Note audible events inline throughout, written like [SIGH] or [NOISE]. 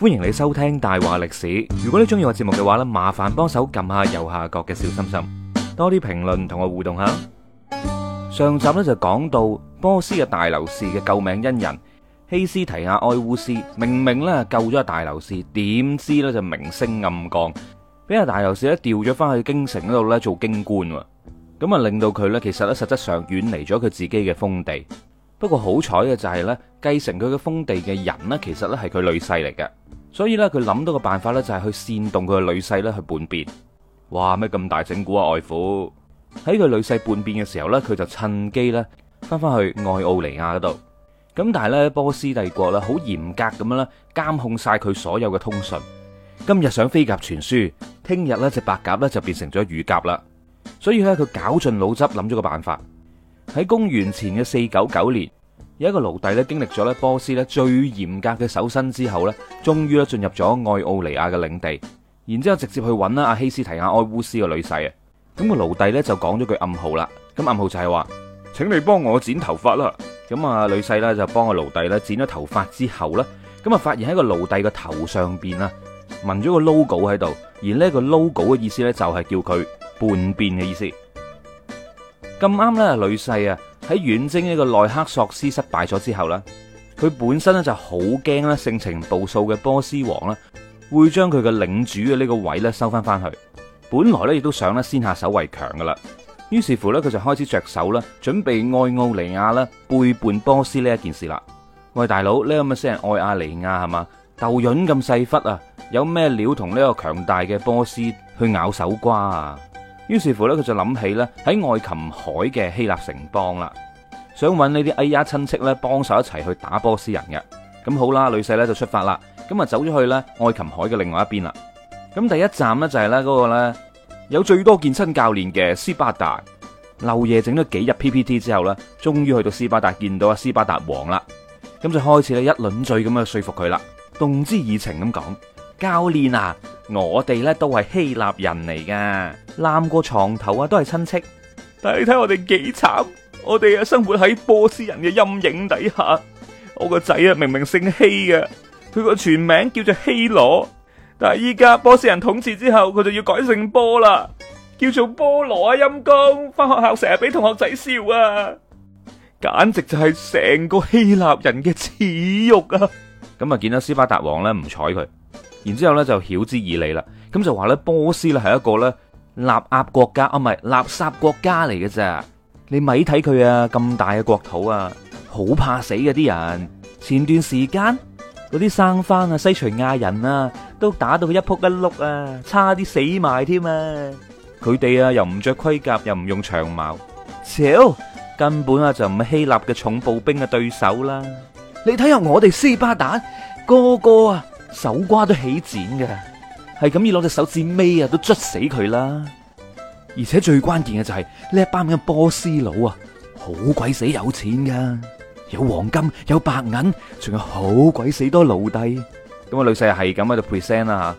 歡迎你收聽大話歷史。如果你中意我節目嘅話呢，麻煩幫手撳下右下角嘅小心心，多啲評論同我互動下。上集咧就講到波斯嘅大流士嘅救命恩人希斯提亞埃烏斯，明明呢救咗大流士，點知呢就名聲暗降，俾阿大流士咧調咗翻去京城嗰度咧做京官喎。咁啊令到佢呢其實呢實質上遠離咗佢自己嘅封地。不過好彩嘅就係呢，繼承佢嘅封地嘅人呢，其實呢係佢女婿嚟嘅，所以咧，佢諗到個辦法咧，就係去煽動佢嘅女婿咧去叛變。哇！咩咁大整蠱啊，外父！喺佢女婿叛變嘅時候咧，佢就趁機咧翻返去愛奧尼亞嗰度。咁但係咧，波斯帝國咧，好嚴格咁樣咧監控晒佢所有嘅通訊。今日想飛鴿傳書，聽日咧隻白鴿咧就變成咗乳鴿啦。所以咧，佢絞盡腦汁諗咗個辦法。喺公元前嘅四九九年。有一個奴隸咧，經歷咗咧波斯咧最嚴格嘅搜身之後咧，終於咧進入咗愛奧尼亞嘅領地，然之後直接去揾啦阿希斯提亞愛烏斯個女婿啊。咁個奴隸咧就講咗句暗號啦。咁暗號就係話，請你幫我剪頭髮啦。咁啊，女婿啦就幫個奴隸咧剪咗頭髮之後咧，咁啊發現喺個奴隸嘅頭上邊啦，紋咗個 logo 喺度。而呢個 logo 嘅意思咧就係叫佢叛變嘅意思。咁啱咧，女婿啊！喺遠征呢個內克索斯失敗咗之後呢，佢本身咧就好驚咧性情暴躁嘅波斯王啦，會將佢嘅領主嘅呢個位咧收翻翻去。本來咧亦都想咧先下手為強噶啦，於是乎咧佢就開始着手啦，準備愛奧尼亞啦背叛波斯呢一件事啦。喂大佬，呢個咪先係愛亞尼亞係嘛？豆潤咁細忽啊，有咩料同呢個強大嘅波斯去咬手瓜啊？於是乎咧，佢就諗起咧喺愛琴海嘅希臘城邦啦，想揾呢啲哎呀親戚咧幫手一齊去打波斯人嘅。咁好啦，女婿咧就出發啦。咁啊走咗去咧愛琴海嘅另外一邊啦。咁第一站呢，就係咧嗰個咧有最多健身教練嘅斯巴達。漏夜整咗幾日 PPT 之後呢，終於去到斯巴達見到阿斯巴達王啦。咁就開始咧一輪嘴咁樣說服佢啦，動之以情咁講。教練啊，我哋呢都係希臘人嚟噶，攬過床頭啊都係親戚。但你睇我哋幾慘，我哋啊生活喺波斯人嘅陰影底下。我個仔啊明明姓希嘅，佢個全名叫做希羅，但係依家波斯人統治之後，佢就要改姓波啦，叫做波羅啊，陰公，翻學校成日俾同學仔笑啊，簡直就係成個希臘人嘅恥辱啊！咁啊見到斯巴達王呢唔睬佢。然之後咧，就曉之以理啦，咁就話咧，波斯咧係一個咧立鴨國家啊，唔係垃圾國家嚟嘅咋。你咪睇佢啊，咁大嘅國土啊，好怕死嘅、啊、啲人。前段時間嗰啲生番啊，西徐亞人啊，都打到佢一撲一碌啊，差啲死埋添啊。佢哋啊又唔着盔甲，又唔用長矛，少根本啊就唔係希臘嘅重步兵嘅對手啦、啊。你睇下我哋斯巴達個個啊！手瓜都起剪噶，係咁要攞隻手指尾啊，都捽死佢啦！而且最關鍵嘅就係呢一班咁嘅波斯佬啊，好鬼死有錢噶，有黃金，有白銀，仲有好鬼死多奴隸。咁啊，女婿係咁喺度 present 啦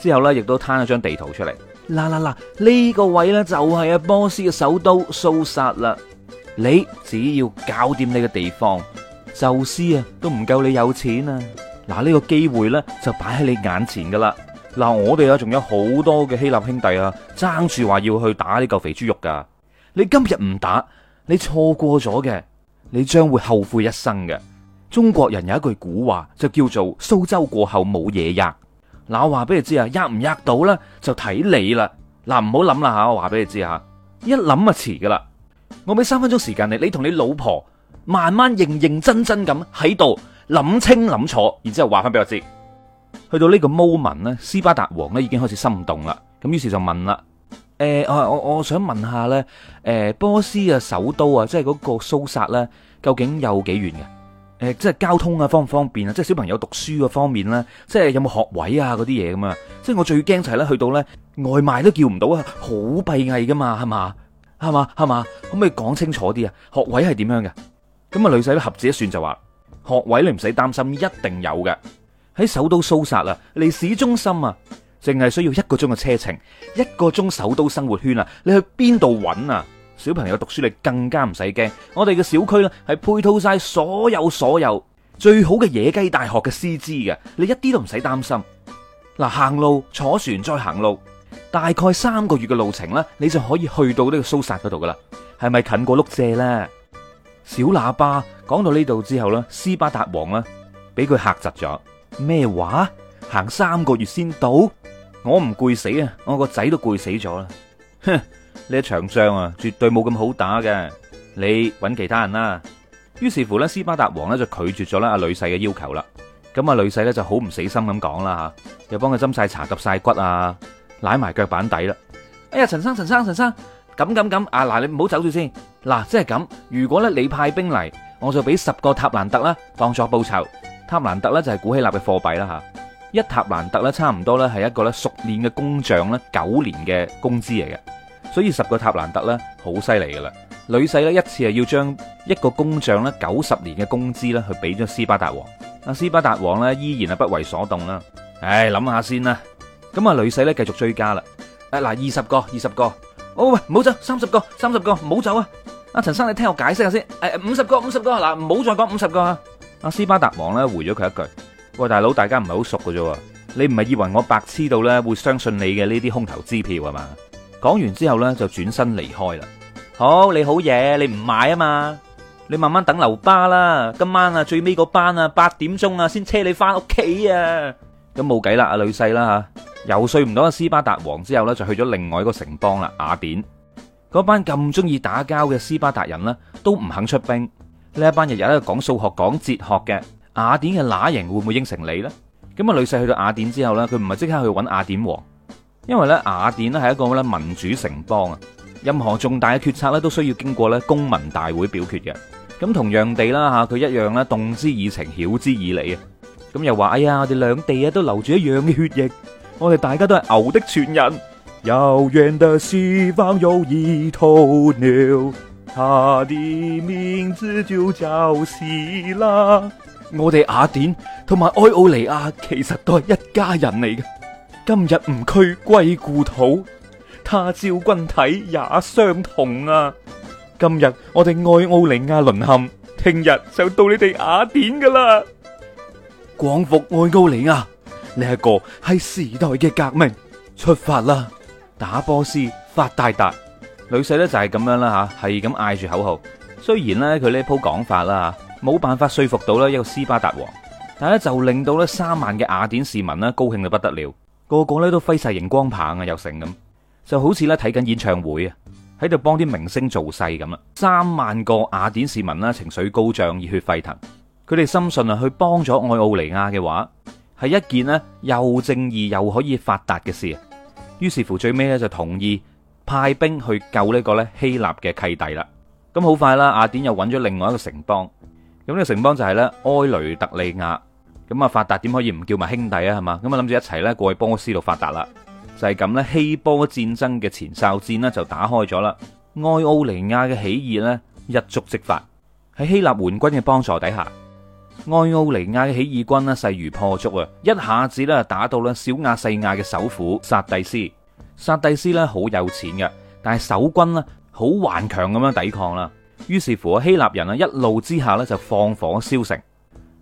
吓，之後咧亦都攤咗張地圖出嚟。嗱嗱嗱，呢、這個位咧就係阿波斯嘅首都蘇薩啦。你只要搞掂你嘅地方，宙斯啊都唔夠你有錢啊！嗱呢個機會呢就擺喺你眼前噶啦，嗱我哋啊仲有好多嘅希臘兄弟啊，爭住話要去打呢嚿肥豬肉噶，你今日唔打，你錯過咗嘅，你將會後悔一生嘅。中國人有一句古話就叫做蘇州過後冇嘢壓。嗱我話俾你知啊，壓唔壓到呢就睇你啦。嗱唔好諗啦吓，我話俾你知吓，一諗啊遲噶啦，我俾三分鐘時間你，你同你老婆慢慢認認真真咁喺度。諗清諗楚，然之後話翻俾我知。去到呢個 moment 呢，斯巴達王呢已經開始心動啦。咁於是就問啦：誒、呃，我我我想問下呢，誒、呃，波斯嘅首都啊，即係嗰個蘇薩呢，究竟有幾遠嘅？誒、呃，即係交通啊，方唔方便啊？即係小朋友讀書嘅方面呢，即係有冇學位啊？嗰啲嘢，咁啊？即係我最驚就係咧，去到呢，外賣都叫唔到啊，好閉翳噶嘛，係嘛，係嘛，係嘛，可唔可以講清楚啲啊？學位係點樣嘅？咁啊，女仔都合指一算就話。學位你唔使擔心，一定有嘅。喺首都蘇薩啊，離市中心啊，淨係需要一個鐘嘅車程，一個鐘首都生活圈啊。你去邊度搵啊？小朋友讀書你更加唔使驚。我哋嘅小區呢係配套晒所有所有最好嘅野雞大學嘅師資嘅，你一啲都唔使擔心。嗱，行路坐船再行路，大概三個月嘅路程啦，你就可以去到呢個蘇薩嗰度噶啦。係咪近過碌蔗呢？小喇叭講到呢度之後呢，斯巴達王呢俾佢嚇窒咗。咩話？行三個月先到？我唔攰死啊！我個仔都攰死咗啦。哼！呢一場仗啊，絕對冇咁好打嘅。你搵其他人啦。於 [LAUGHS] 是乎呢，斯巴達王呢就拒絕咗啦阿女婿嘅要求啦。咁啊，女婿呢就好唔死心咁講啦吓，又幫佢斟晒茶、揼晒骨啊，舐埋腳板底啦。哎呀，陳生，陳生，陳生。咁咁咁啊！嗱，你唔好走住先。嗱，即係咁，如果咧你派兵嚟，我就俾十個塔蘭特啦，當作報酬。塔蘭特咧就係古希臘嘅貨幣啦吓，一塔蘭特咧差唔多咧係一個咧熟練嘅工匠咧九年嘅工資嚟嘅，所以十個塔蘭特咧好犀利噶啦。女婿咧一次係要將一個工匠咧九十年嘅工資咧去俾咗斯巴達王。阿斯巴達王咧依然係不為所動啦。唉，諗下先啦。咁啊，女婿咧繼續追加啦。誒，嗱，二十個，二十個。哦喂，唔好走，三十個，三十個，唔好走啊！阿、啊、陳生，你聽我解釋下先。誒、哎，五十個，五十個，嗱，唔好再講五十個啊！阿斯巴達王咧回咗佢一句：喂，大佬，大家唔係好熟嘅啫，你唔係以為我白痴到咧會相信你嘅呢啲空頭支票啊嘛？講完之後咧就轉身離開啦。好，你好嘢，你唔買啊嘛？你慢慢等流巴啦，今晚啊最尾個班啊八點鐘啊先車你翻屋企啊！咁冇計啦，阿女婿啦吓，遊說唔到阿斯巴達王之後呢，就去咗另外一個城邦啦，雅典。嗰班咁中意打交嘅斯巴達人呢，都唔肯出兵。呢一班日日喺度講數學、講哲學嘅雅典嘅乸型會唔會應承你呢？咁啊，女婿去到雅典之後呢，佢唔係即刻去揾雅典王，因為呢，雅典呢係一個咧民主城邦啊，任何重大嘅決策呢，都需要經過咧公民大會表決嘅。咁同樣地啦吓，佢一樣呢，動之以情，曉之以理啊。咁又話，哎呀，我哋兩地啊都流住一樣嘅血液，我哋大家都係牛的傳人。遙遠的西方有隻鴕鳥，它的名字就叫希臘。我哋雅典同埋愛奧尼亞其實都係一家人嚟嘅。今日吾軀歸故土，他朝君體也相同啊！今日我哋愛奧尼亞淪陷，聽日就到你哋雅典噶啦。光復愛奧尼亞，呢一個係時代嘅革命，出發啦！打波斯，發大達，女婿呢就係咁樣啦吓，係咁嗌住口號。雖然呢，佢呢一鋪講法啦冇辦法說服到呢一個斯巴達王，但係咧就令到呢三萬嘅雅典市民呢，高興到不得了，個個呢都揮晒熒光棒啊，又成咁，就好似呢睇緊演唱會啊，喺度幫啲明星做勢咁啊。三萬個雅典市民呢，情緒高漲，熱血沸騰。佢哋深信啊，去幫咗愛奧尼亞嘅話係一件咧又正義又可以發達嘅事。於是乎，最尾咧就同意派兵去救呢個咧希臘嘅契弟啦。咁好快啦，雅典又揾咗另外一個城邦，咁、這、呢個城邦就係咧埃雷特利亞。咁啊，發達點可以唔叫埋兄弟啊？係嘛，咁啊諗住一齊咧過去波斯度發達啦。就係咁咧，希波戰爭嘅前哨戰呢，就打開咗啦。愛奧尼亞嘅起義呢，一觸即發，喺希臘援軍嘅幫助底下。愛奧尼亞嘅起義軍啦，勢如破竹啊！一下子咧打到啦小亞細亞嘅首府薩蒂斯，薩蒂斯咧好有錢嘅，但係守軍咧好頑強咁樣抵抗啦。於是乎希臘人啊一怒之下咧就放火燒城，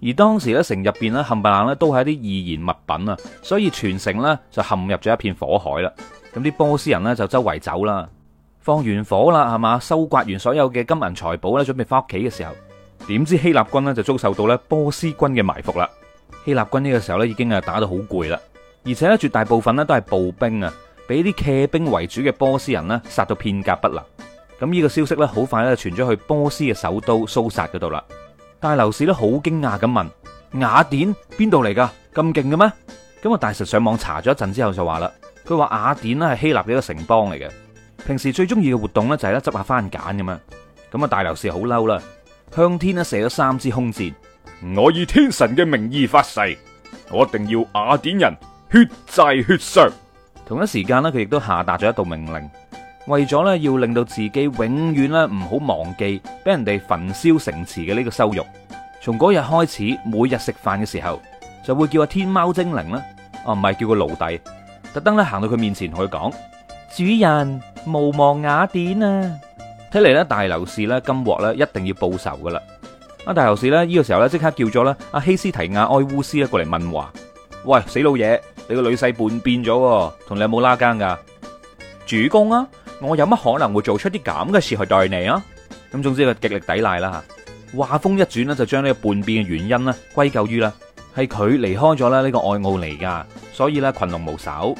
而當時咧城入邊咧冚唪唥咧都係一啲易燃物品啊，所以全城咧就陷入咗一片火海啦。咁啲波斯人咧就周圍走啦，放完火啦係嘛，收刮完所有嘅金銀財寶咧，準備翻屋企嘅時候。點知希臘軍咧就遭受到咧波斯軍嘅埋伏啦。希臘軍呢個時候咧已經啊打到好攰啦，而且咧絕大部分咧都係步兵啊，俾啲騎兵為主嘅波斯人咧殺到片甲不留。咁呢個消息咧好快咧傳咗去波斯嘅首都蘇薩嗰度啦。大流士咧好驚訝咁問：雅典邊度嚟噶？咁勁嘅咩？咁啊大臣上網查咗一陣之後就話啦，佢話雅典咧係希臘嘅一個城邦嚟嘅，平時最中意嘅活動咧就係咧執下番簡咁啊。咁啊大流士好嬲啦。向天咧射咗三支空箭，我以天神嘅名義發誓，我一定要雅典人血債血償。同一時間咧，佢亦都下達咗一道命令，為咗咧要令到自己永遠咧唔好忘記俾人哋焚燒城池嘅呢個羞辱。從嗰日開始，每日食飯嘅時候，就會叫個天貓精靈啦，啊唔係叫個奴隸，特登咧行到佢面前同佢講，主人，無忘雅典啊！睇嚟咧，大流士咧，今鑊咧，一定要報仇噶啦！啊，大流士咧，呢個時候咧，即刻叫咗咧，阿希斯提亞愛烏斯咧過嚟問話，喂，死老爺，你個女婿叛變咗，同你有冇拉更噶？主公啊，我有乜可能會做出啲咁嘅事去待你啊？咁總之佢極力抵賴啦吓。話鋒一轉呢，就將呢個叛變嘅原因咧歸咎於啦，係佢離開咗啦呢個愛奧尼噶，所以咧群龍無首，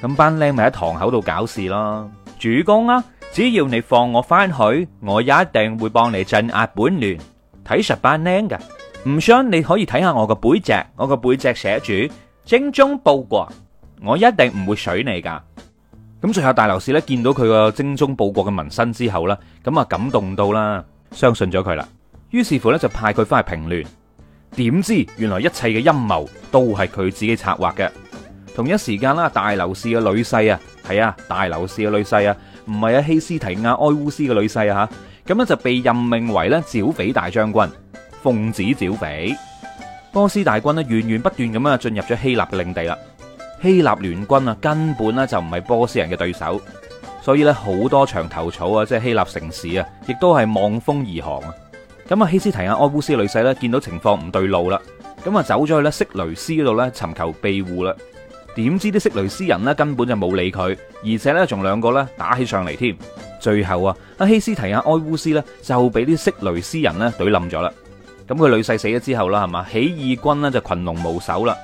咁班僆咪喺堂口度搞事咯。主公啊！只要你放我翻去，我也一定會幫你鎮壓叛亂，睇實班靚噶。唔想你可以睇下我個背脊，我個背脊寫住精忠報國，我一定唔會水你噶。咁最後大流士呢，見到佢個精忠報國嘅紋身之後呢，咁啊感動到啦，相信咗佢啦。於是乎呢，就派佢翻去平亂，點知原來一切嘅陰謀都係佢自己策劃嘅。同一時間啦，大流士嘅女婿啊，係啊，大流士嘅女婿啊。唔係啊，希斯提亞埃烏斯嘅女婿啊，咁呢就被任命為咧剿匪大將軍，奉旨剿匪。波斯大軍呢，源源不斷咁啊進入咗希臘嘅領地啦，希臘聯軍啊根本呢就唔係波斯人嘅對手，所以咧好多牆頭草啊，即係希臘城市啊，亦都係望風而降啊。咁啊，希斯提亞埃烏斯嘅女婿呢，見到情況唔對路啦，咁啊走咗去咧色雷斯嗰度咧尋求庇護啦。點知啲色雷斯人咧根本就冇理佢，而且咧仲兩個咧打起上嚟添。最後啊，阿希斯提亞埃烏斯咧就俾啲色雷斯人咧懟冧咗啦。咁佢女婿死咗之後啦，係嘛起義軍咧就群龍無首啦。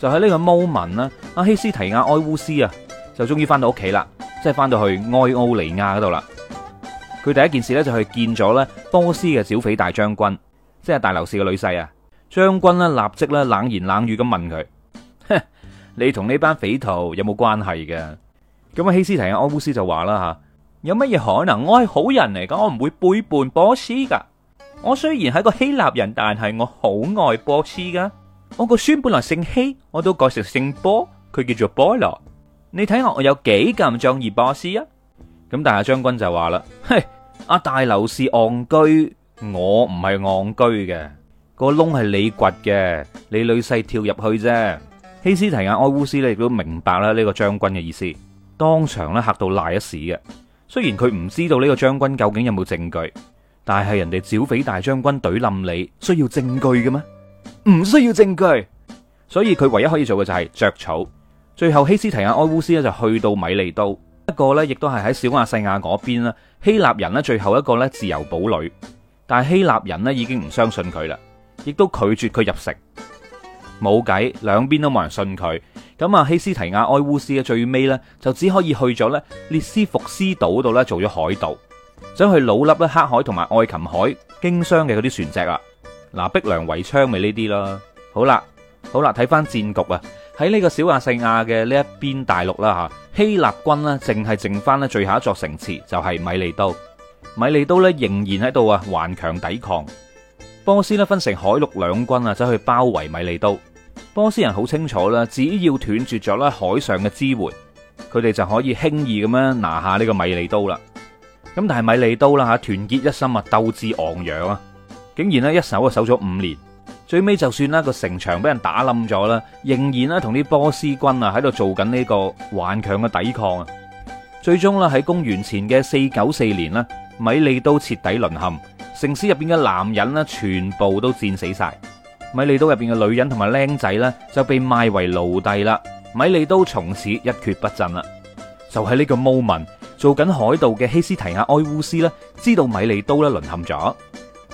就喺呢個 moment 咧，阿希斯提亞埃烏斯啊就終於翻到屋企啦，即係翻到去愛奧尼亞嗰度啦。佢第一件事咧就去見咗咧波斯嘅剿匪大將軍，即係大流士嘅女婿啊。將軍咧立即咧冷言冷語咁問佢。你同呢班匪徒有冇關係嘅？咁阿希斯提阿烏斯就話啦，吓，有乜嘢可能我？我係好人嚟，咁我唔會背叛波斯噶。我雖然係個希臘人，但係我好愛波斯噶。我個孫本來姓希，我都改成姓波，佢叫做波羅。你睇下我有幾咁仗義波斯啊？咁但係將軍就話啦，嘿，阿、啊、大流士戇居，我唔係戇居嘅，嗰個窿係你掘嘅，你女婿跳入去啫。希斯提亞埃烏斯咧，亦都明白啦，呢個將軍嘅意思，當場咧，吓到賴一屎嘅。雖然佢唔知道呢個將軍究竟有冇證據，但係人哋剿匪大將軍懟冧你，需要證據嘅咩？唔需要證據，所以佢唯一可以做嘅就係着草。最後，希斯提亞埃烏斯呢就去到米利都，一個呢，亦都係喺小亞細亞嗰邊啦。希臘人呢最後一個呢自由堡壘，但係希臘人呢已經唔相信佢啦，亦都拒絕佢入城。冇計，兩邊都冇人信佢，咁啊，希斯提亞埃烏斯嘅最尾呢，就只可以去咗呢列斯福斯島度呢做咗海盜，想去老笠咧黑海同埋愛琴海經商嘅嗰啲船隻啦，嗱，逼良為娼咪呢啲啦，好啦，好啦，睇翻戰局啊，喺呢個小亞細亞嘅呢一邊大陸啦吓，希臘軍呢，淨係剩翻呢最後一座城池就係、是、米利都，米利都呢，仍然喺度啊，頑強抵抗。波斯咧分成海陸兩軍啊，走去包圍米利都。波斯人好清楚啦，只要斷絕咗咧海上嘅支援，佢哋就可以輕易咁樣拿下呢個米利都啦。咁但係米利都啦吓，團結一心啊，鬥志昂揚啊，竟然咧一手啊守咗五年，最尾就算咧個城牆俾人打冧咗啦，仍然咧同啲波斯軍啊喺度做緊呢個頑強嘅抵抗啊。最終咧喺公元前嘅四九四年咧，米利都徹底淪陷。城市入邊嘅男人咧，全部都戰死晒。米利都入邊嘅女人同埋僆仔咧，就被賣為奴隸啦。米利都從此一蹶不振啦。就喺呢個 moment 做緊海盜嘅希斯提亞埃烏斯咧，知道米利都咧淪陷咗，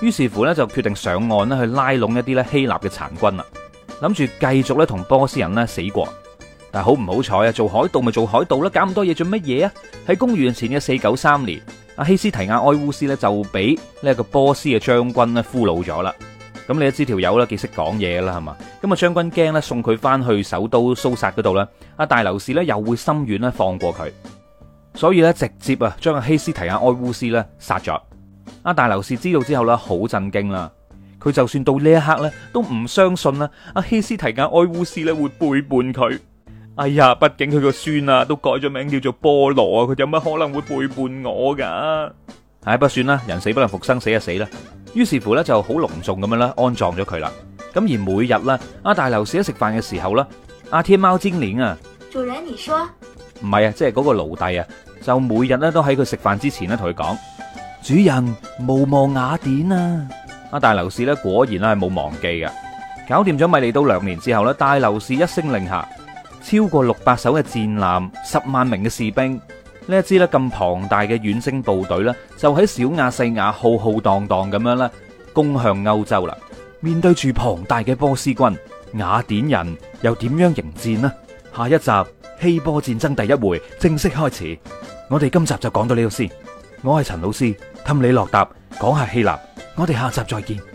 於是乎咧就決定上岸咧去拉攏一啲咧希臘嘅殘軍啦，諗住繼續咧同波斯人咧死過。但係好唔好彩啊？做海盜咪做海盜啦，搞咁多嘢做乜嘢啊？喺公元前嘅四九三年。阿希斯提亞埃烏斯咧就俾呢一個波斯嘅將軍咧俘虜咗啦，咁你都知條友啦，幾識講嘢啦，係嘛？咁啊將軍驚咧送佢翻去首都蘇薩嗰度咧，阿大流士咧又會心軟咧放過佢，所以咧直接啊將阿希斯提亞埃烏斯咧殺咗，阿大流士知道之後咧好震驚啦，佢就算到呢一刻咧都唔相信啦，阿希斯提亞埃烏斯咧會背叛佢。哎呀，畢竟佢個孫啊都改咗名叫做波羅啊，佢有乜可能會背叛我噶？唉，不算啦，人死不能復生，死就死啦。於是乎咧，就好隆重咁樣啦安葬咗佢啦。咁而每日咧，阿大流士喺食飯嘅時候咧，阿天貓精靈啊，主人你說，唔係啊，即係嗰個奴隸啊，就每日咧都喺佢食飯之前咧同佢講，主人勿忘雅典啊！阿大流士咧果然啦係冇忘記噶，搞掂咗米利都兩年之後咧，大流士一聲令下。超過六百艘嘅戰艦，十萬名嘅士兵，呢一支咧咁龐大嘅遠征部隊呢就喺小亞細亞浩浩蕩蕩咁樣咧攻向歐洲啦。面對住龐大嘅波斯軍，雅典人又點樣迎戰呢？下一集希波戰爭第一回正式開始，我哋今集就講到呢度先。我係陳老師，氹你落搭，講下希臘，我哋下集再見。